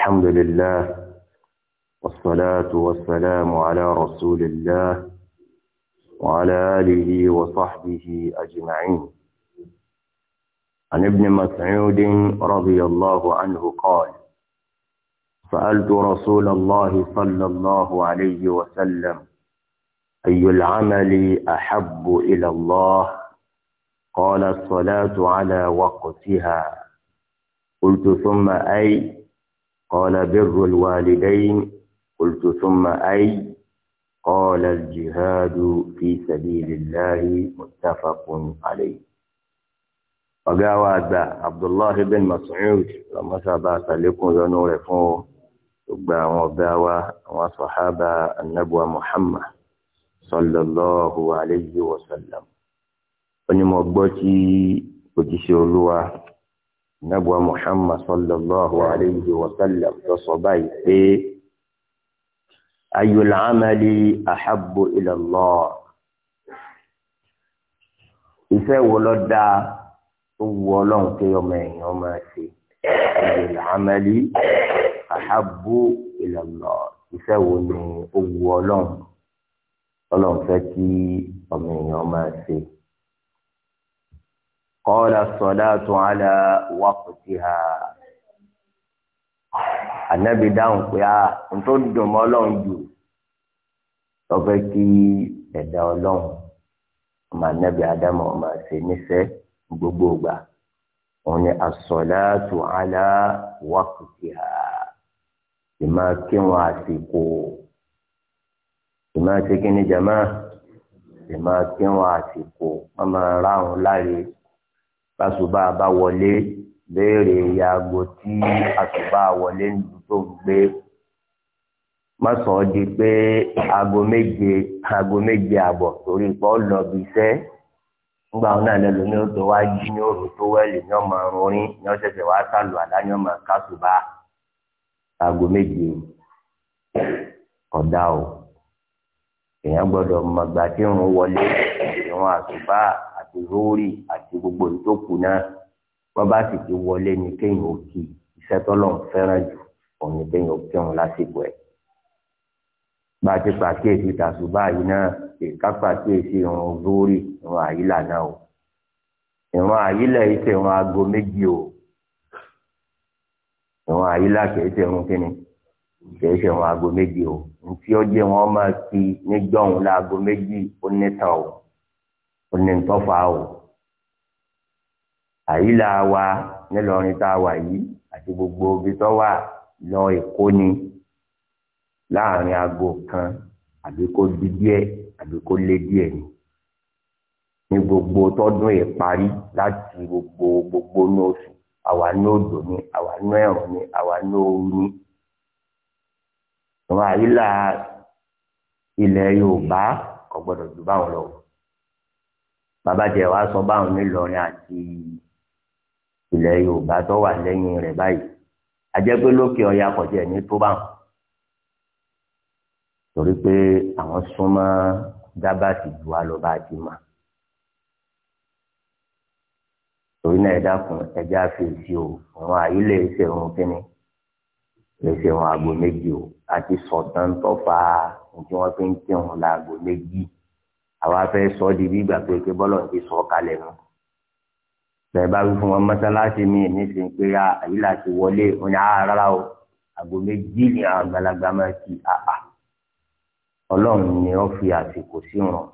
الحمد لله والصلاة والسلام على رسول الله وعلى آله وصحبه أجمعين عن ابن مسعود رضي الله عنه قال سألت رسول الله صلى الله عليه وسلم أي العمل أحب إلى الله قال الصلاة على وقتها قلت ثم أي قال بر الوالدين قلت ثم أي قال الجهاد في سبيل الله متفق عليه ọ̀gáwà àgbà abdullahi bin mas'ud lọ́mọ́sábà sàlékún lọ́nà rẹ̀ fún gbogbo àwọn ọ̀gáwà àwọn sọ̀hábà annabuwa muhammad sallallahu alayhi wa sallam ó gbọ́ tí òjíṣẹ́ olúwa nagwa muhammad sallallahu alayhi wa sallam tó sọ báyìí pé ayul amali ahabbu ila Allah iṣẹ́ wo ló dáa tó wu ọlọ́run pé ọmọ èèyàn máa ṣe ayul amali ahabbu ila Allah wo ni ó ọlọ́run ọlọ́run fẹ́ kí ọmọ èèyàn máa ṣe kọ́lá sọ̀láàtù àlà wákùtìhà. Ànábì dáhùn pé a tó dùn mọ́ ọlọ́run jù lọ́fẹ́ kí ẹ̀dá ọlọ́run ọmọ ànábì Ádámù ọmọ àṣẹ níṣẹ́ gbogbo ìgbà. Wọ́n ní àsọ̀láàtù àlà wákùtìhà. Ìmọ̀ kí wọ́n àsìkò. Ìmọ̀ ṣe kí ni jàmá? Ìmọ̀ kí wọ́n àsìkò. Wọ́n máa ráhùn láre tásùbà bá wọlé béèrè yaago tí àsùbà wọlé ń dùn tó gbé má sọ ọ́ di pé aago méje aago méje àbọ̀ torí pọ́ lọ bí iṣẹ́ nígbà wọn náà lẹ́nu ní oṣù wa jí ní òru tó wẹ́lì ní ọmọ orin ní ọ̀sẹ̀sẹ̀ wa sálù àlá ní ọmọ kásùbà aago méje kódà o èèyàn gbọ́dọ̀ mọ̀gbà tí ń wọlé ìwọ̀n àsùbà àti róòrì àti gbogbo ìtòkù náà bọ́bá sì ti wọlé ni kéèyàn ó kì í iṣẹ́ tọ́lọ̀ ń fẹ́ràn jù òun ni kéèyàn ó kírun lásìkò ẹ̀. bá a ti pàkíyèsí tàṣù báyìí náà ìka pàkíyèsí ìrun lórí ìrun àyílà náà o ìrun àyílà yìí ṣe ìrun aago méjì o ìrun àyílà kìí ṣe ìrun kíni kìí ṣe ìrun aago méjì o ntí ó jẹ́ wọn máa fi níjọ́ òun láago méjì ó nítàn o ó ní ntọ́fà o àyílà wa nílọrin tá a wà yìí àti gbogbo ibi tó wà lọ èkó ni láàrin aago kan àbí kó di díẹ̀ àbí kó lé díẹ̀ ni ní gbogbo tọdún ìparí láti gbogbo gbogbo ní oṣù àwa ní odò ni àwa ní ẹ̀rùn ni àwa ní ooru ni àwọn àyílà ilẹ̀ yorùbá kò gbọdọ̀ ju báwọn lọ bàbá jẹ wàá sọ báwọn nílọrin àti ilẹ̀ yorùbá tó wà lẹ́yìn rẹ̀ báyìí ajẹ́pẹ́ lókè ọ̀yà kọ̀jẹ́ ní tó bá wọn torí pé àwọn súnmọ́ dábàtì ju wa lọ bá ti mà torí náà ẹ dákun ẹjẹ́ àfẹ́sí o àwọn àyílẹ̀ ẹsẹ̀ òun kínní ẹsẹ̀ òun aago méjì o àti sọ̀tàn tó fa tí wọ́n fi ń kírun láago méjì àwa fẹ́ sọ ọ́ di bí ìgbà pé kí bọ́lọ̀ ti sọ ọ́ kalẹ̀ mọ́ bẹ́ẹ̀ bá wí fún wọn mọ́sálásí mi nísìnyí pé àyílà ti wọlé òní àárá o àgọ́ méjì ni àwọn àgbàlagbà máa ti àà ọlọ́run ni wọ́n fi àsìkò sí wọn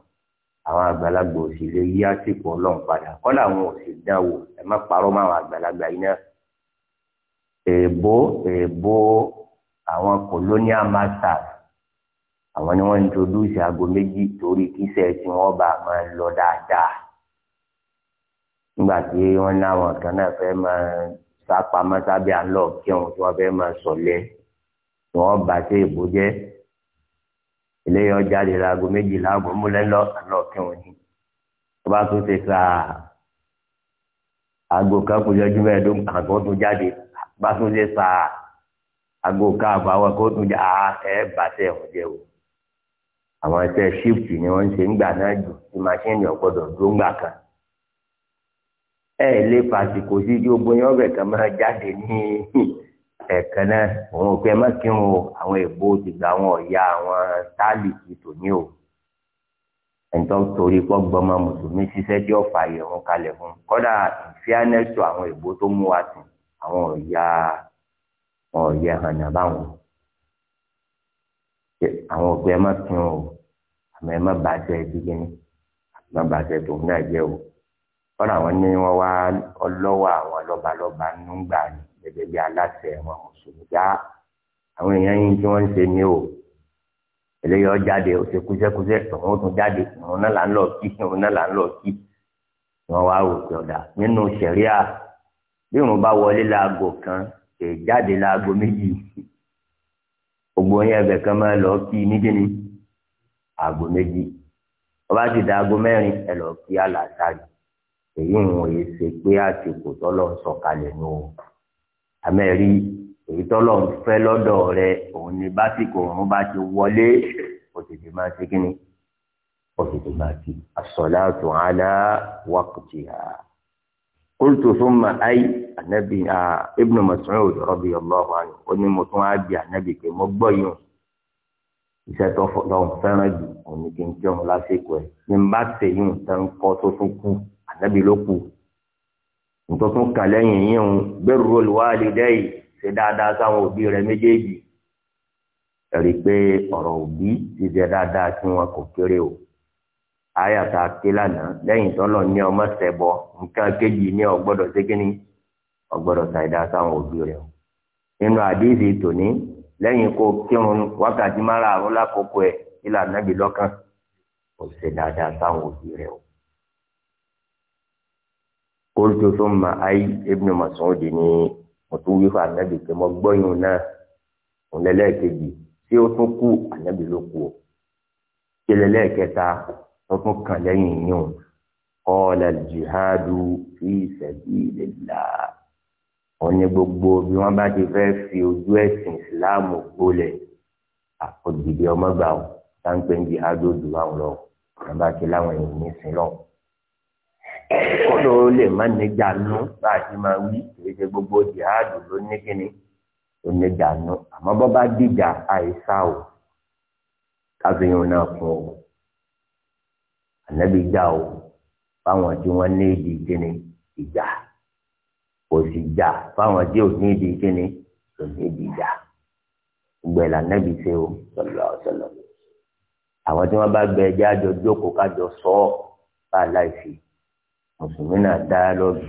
àwọn àgbàlagbà ò sì lè yí àsìkò ọlọ́run padà kọ́lá àwọn ò sì dán wò ẹ má parọ́ mọ́ àwọn àgbàlagbà yìí náà èèbó èèbó àwọn colonial masters àwọn ni wọ́n introduce àgọ́ méjì torí kíṣẹ́ tí wọ́n bá máa lọ dáadáa nígbà tí wọ́n láwọn kan náà fẹ́ máa sápamọ́ sábẹ́ àlọ́ kí wọn tí wọ́n fẹ́ máa sọ̀lẹ́ tí wọ́n bá sí ìbò jẹ́ eléyọ̀ jáde láago méjìlá àgbọ̀ múlẹ̀ lọ àlọ́ kí wọn ni wọ́n bá tún ṣe ká aago kan kò yọjú mẹ́ẹ̀ẹ́dógún àgọ́ tún jáde bá tún ṣe ká aago kan àbọ̀ àwọn kan tún já ẹ̀ bá tẹ̀ wọ́n jẹ́ o àwọn ẹsẹ̀ shift ni wọ́n ń ṣe ńgbà náà jù tí màṣíìnì ọ̀gbọ́dọ̀ dúró ńgbà kan ẹ lè fàsìkò sí kí gbogbo yẹn ọbẹ̀ kan máa jáde ní ẹ̀ẹ̀kan náà òun ò pẹ́ má kírun o àwọn èèbó ti gba àwọn ọ̀ya àwọn táàlì ti tò ní o ẹ̀ńtọ́ torí kọ́ gbọ́mọ mùsùlùmí ṣiṣẹ́ tí ó fa ìrun kalẹ̀ fún kọ́dà ìfíánẹ́tò àwọn èèbó tó mú wa sìn àwọn ọ̀ya ọ̀ya hànà báwọn àwọn òpin ẹ o àmọ́ ẹ má bàtẹ́ ẹ dígínní àmọ́ bàtẹ́ tòun náà jẹ́ o wọn àwọn ní wọn wá ọlọ́wọ́ àwọn lọ́balọ́ba nùgbà ni gẹ́gẹ́ bí aláṣẹ wọn mùsùlùmí já àwọn èèyàn yìí tí wọ́n ń ṣe ní o eléyìí ọ jáde ó ṣe kúṣẹ́kúṣẹ́ tọ̀hún ó tún jáde òun náà là ń lọ kí òun náà là ń lọ kí wọn wá wò pé ọ̀dà nínú ṣẹ̀ríà bí òun bá wọlé láago kan èè jáde láago méjì gbogbo yẹn ẹbẹ kan máa lọ kí nídìní aago méjì ọba ti da aago mẹ́rin ẹ lọ kí àlàáfíà yìí èyí wọn yìí ṣe pé àsìkò tọ́lọ́ ń sọ̀kalẹ̀ ní o àmẹ́rí èyí tọ́lọ́ ń fẹ́ lọ́dọ̀ rẹ òun ni básìkò òun bá ti wọlé o sì ti máa ṣe kí ni o sì ti máa ti as-salatu ala waqtiha qultu thumma ay anabi ibn Mas'ud radiyallahu anhu ó ní mo tún á bí anabi pé mo gbọ́ yìí iṣẹ́ tó fọ́n fẹ́ràn jù òun ni kí n jẹun lásìkò ẹ̀ ní n bá tẹ̀yìn tán kọ́ tó tún kù ànábì ló kù nǹkan tún kà lẹ́yìn yín o birrul walidayi ṣe dáadáa sáwọn òbí rẹ méjèèjì ẹ̀rí pé ọ̀rọ̀ òbí ti ṣe dáadáa tí wọn kò kéré o ayàtà ké lánàá lẹ́yìn tọ́lọ̀ ní ọmọ ṣẹ̀bọ nǹkan kejì ní ọgbọ́dọ̀ ṣe kínní ọgbọ́dọ̀ ṣàìdá sáwọn òbí rẹ o nínú àdéhìí tòní lẹ́yìn kó kírun wákàtí márààrún lákòókò ẹ̀ ìlànà bí lọ́kàn kò ṣe dáadáa sáwọn òbí rẹ o kóòtù tó ma ayi Ibn Mas'ud ní mọ̀tò wíwá ànábì pé mo gbọ́yìn náà òun lẹ́lẹ́kejì tí ó tún kú ànábì ló kú o tí lẹ́lẹ́kẹta ó tún kàn lẹ́yìn yín o qala al-jihadu fi sabilillah òun ní gbogbo bí wọ́n bá ti fẹ́ fi ojú ẹ̀sìn ìsìláàmù gbolẹ̀ àkọ́jìdì ọmọgbà o táǹpẹ̀ ń jihadu dùn àwọn lọ wọ́n bá ti láwọn èèyàn ní sílọ́ọ̀ kọ́dọ̀ ó lè má níjà nú bá a ti máa wí ìrètí gbogbo jihadu ló ní kíni ó níjà àmọ́ bọ́ bá dìjà àìsà o káfíyàn náà kún o ànábì já o fáwọn tí wọ́n ní ìdí kíni ìjà kò sì jà fáwọn tí ò ní ìdí kíni kò ní ìdí ìjà gbẹ̀là ànábì ṣe o sallallahu alaihi wasallam àwọn tí wọ́n bá gbẹ ẹjẹ́ àjọ jókòó kájọ sọ ọ́ bá a láì fi mùsùlùmí náà dáálọ́gì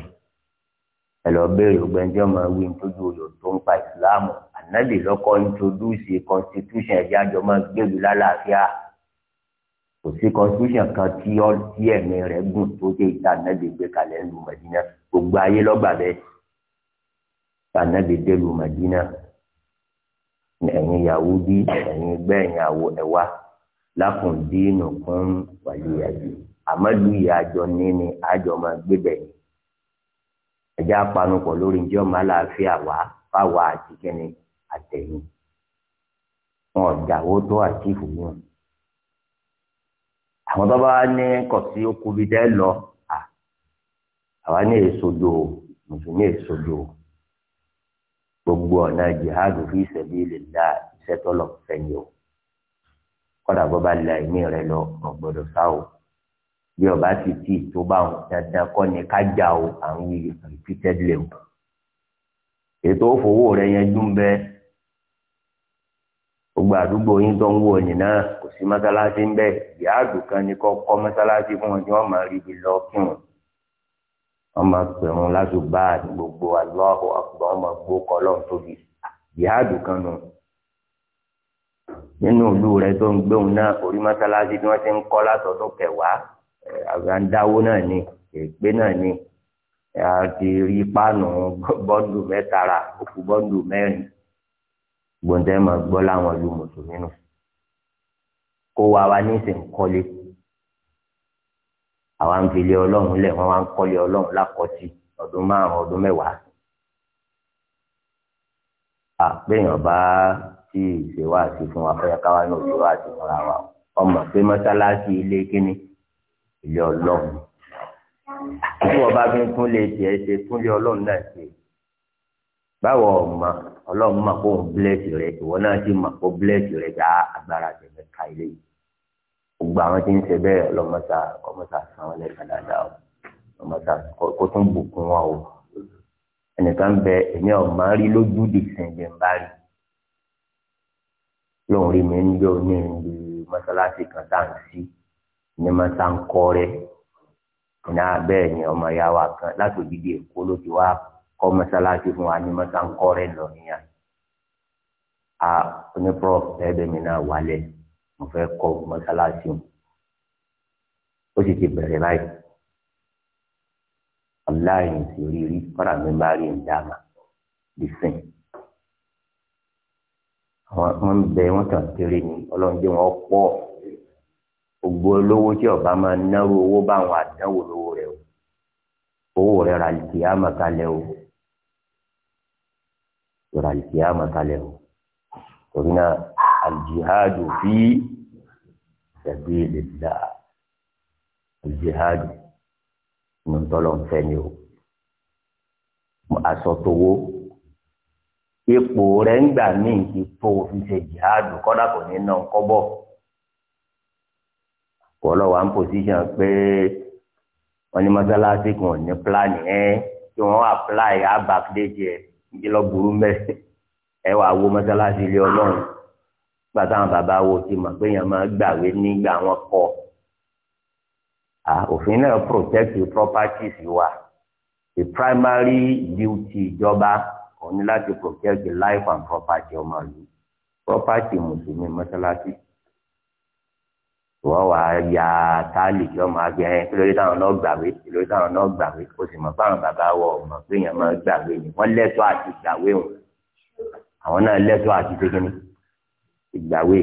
ẹ lọ béèrè gbẹ́njọ́ máa wí nítorí oyè tó ń pa ìsìláàmù ànábì lọ́kọ́ introduce constitution ẹ̀jẹ̀ àjọ máa gbèrú lálàáfíà kò sí constitution kan tí ọ tí ẹ̀mí rẹ̀ gùn tó dé ìta ànábì gbé kalẹ̀ lu Mẹ̀dínà gbogbo ayé lọ́gbà bẹ́ẹ̀ ànábì dé lu Mẹ̀dínà ẹ̀yin Yahudi ẹ̀yin gbẹ̀yìn àwọ̀ ẹ̀wà lákùndínù kún wàlúùyàdì àmọ́lù yìí ní ni àjọ máa gbébẹ̀ ni ẹ̀já panupọ̀ lórí ǹjẹ́ ọmọ aláàfíà wá fáwa àti kẹ́ni àtẹ̀yìn wọn ọ̀dàwó tó àtìfù wọn. àwọn tó bá ní kọ̀ sí okùn bíi tẹ́ lọ àwa ní èsodo mùsùlùmí èsodo gbogbo ọ̀nà jihadu fi sabilillah iṣẹ́ tọ́lọ̀ fẹ́yìn o kọ́dà bọ́ bá la ẹ̀mí rẹ lọ ọ̀gbọ́dọ̀ sáwọ́ bí ọba ti tí tó bá wọn dandan kọ́ ni ká jà o àwọn yìí repeated level ètò òfòwò rẹ yẹn dún bẹ gbogbo àdúgbò yín tó ń wò ní náà kò sí mọ́sálásí ń bẹ ìyáàdù kan ní kọ́ kọ́ mọ́sálásí fún wọn tí wọ́n máa rí ibi lọ kí wọn wọ́n máa pẹ̀rùn lásùbà ní gbogbo Allahu Akbar wọ́n máa gbó kọ́ lọ́n tóbi ìyáàdù kan nù nínú ìlú rẹ tó ń gbéhùn náà orí mọ́sálásí tí wọ́n ti ń kọ́ látọ̀dún kẹwàá àgbà ń dáwó náà ni ègbé náà ni a ti rí páànù bọ́ńdù mẹ́ta rà òkú bọ́ńdù mẹ́rin gbọ̀ǹtẹ́ máa gbọ́ láwọn ìlú mùsùlùmí nù kó wa wa ní ìsìn kọ́lé àwa ń filé ọlọ́run lẹ̀ wọ́n wá ń kọ́lé ọlọ́run lákọ̀tì ọdún márùn-ún ọdún mẹ́wàá àpéyàn bá tí ìṣèwádìí fún wa fẹ́ káwa náà ìṣèwádìí fúnra wa ọmọ pé mọ́sálásí ilé kíní ilé ọlọ́run tí wọ́n bá fi ń kúnlẹ̀ tiẹ̀ ṣe kúnlẹ̀ ọlọ́run náà ṣe báwo ọ̀ma ọlọ́run mà kó ń bílẹ̀sì rẹ ìwọ náà sì mà kó bílẹ̀sì rẹ dá agbára tẹ̀lé ka ilé yìí gbogbo àwọn tí ń ṣe bẹ́ẹ̀ ọlọ́mọta ọmọta san wọn lẹ́sàn dáadáa o ọmọta kó tún bùkún wọn o ẹnìkan bẹ èmi ọ̀ma rí lójú dìsìn jẹ̀ ń bá rí lóun rí mi ń jẹ́ oní ìlú mọ́sálásí kan tá à ń sí ní ma ta ń kọ́ rẹ̀ ní abẹ́ẹ̀ ni ọmọ ya wa kan láti òdìdí èkó ló ti wá kọ́ mọ́sálásí fún wa ní ma ta ń kọ́ rẹ̀ lọ nìyà a ní prof ẹ̀ẹ́dẹ̀ mi náà wálẹ̀ mo fẹ́ kọ́ mọ́sálásí ó sì ti bẹ̀rẹ̀ báyìí aláìní sí rírí kọ́ra mi bá rí ìdáàmà ìsìn àwọn ń bẹ wọn tàn kéré ni ọlọ́run jẹ́ wọn pọ̀ gbogbo olówó tí ọba máa náwó owó báwọn àdánwò lówó rẹ o owó rẹ ra lìkìá màkàlẹ o ra lìkìá màkàlẹ o torí náà aljihadu fi sabilillah aljihadu ní tọ́lọ̀ ń fẹ́ ni o aṣọ ipò rẹ̀ ń gbà míì ti tó fi ṣe jihadu kọ́dà kò ní ná ń bọ̀ kọ́ lọ wà ń pòsíṣàn pé wọ́n ní mọ́sálásí kan ní pílánì ẹ́ kí wọ́n apply abakdéjì ẹ̀ ní lọ burú mẹ́ ẹ wàá wo mọ́sálásí ilé ọlọ́run nígbà táwọn bàbá wo ti mọ̀ pé èèyàn máa gbàwé nígbà wọn kọ́ òfin náà protect the properties wa the primary duty ìjọba òun ni láti protect the life and property ọmọ ìlú property mùsùlùmí mọ́sálásí wọ́n wá ya táàlì tí wọ́n máa gbẹ lórí táwọn náà gbàwé lórí táwọn náà gbàwé o sì mọ̀ fáwọn bàbá wọ ọmọ pé èèyàn máa gbàwé ni wọ́n lẹ́tọ́ àti gbàwé wọn àwọn náà lẹ́tọ́ àti tẹ́kínní ìgbàwé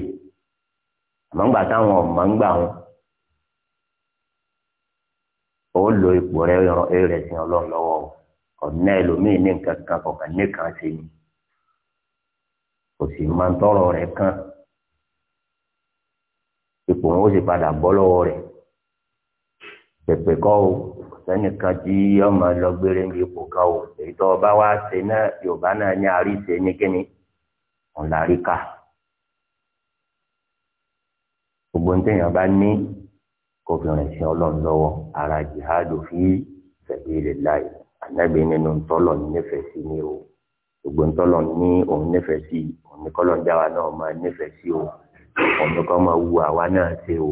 àmọ́ ńgbà táwọn ọmọ ń gbà wọn ó lo ipò rẹ rẹ sí ọlọ́run lọ́wọ́ ọ̀nà ẹlòmíín ní nǹkan kan kọ̀ọ̀kan nìkan ṣe ni kò sì máa ń tọrọ rẹ kàn ipò wọn ó sì padà bọ́ lọ́wọ́ rẹ̀ pẹ̀pẹ̀ kọ́ o sẹ́nìkan tí ọmọ lọ gbére ní ipò kan o èyí tó ọba wa ṣe náà yorùbá náà ní àríṣe ní kíni òun gbogbo ní tẹ̀yìn bá ní kò fi rìn sí ọlọ́run lọ́wọ́ ara jihadu fi sabilillahi ànábì nínú ntọ́lọ̀ nífẹ̀ẹ́ sí ni o gbogbo ntọ́lọ̀ ní òun nífẹ̀ẹ́ sí òun ní kọ́lọ̀ ń dá náà máa nífẹ̀ẹ́ sí o. ọ̀dọ́ kan máa wu àwa náà ṣe o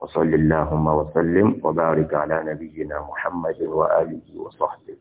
وصل اللهم وسلم وبارك على نبينا محمد وآله وصحبه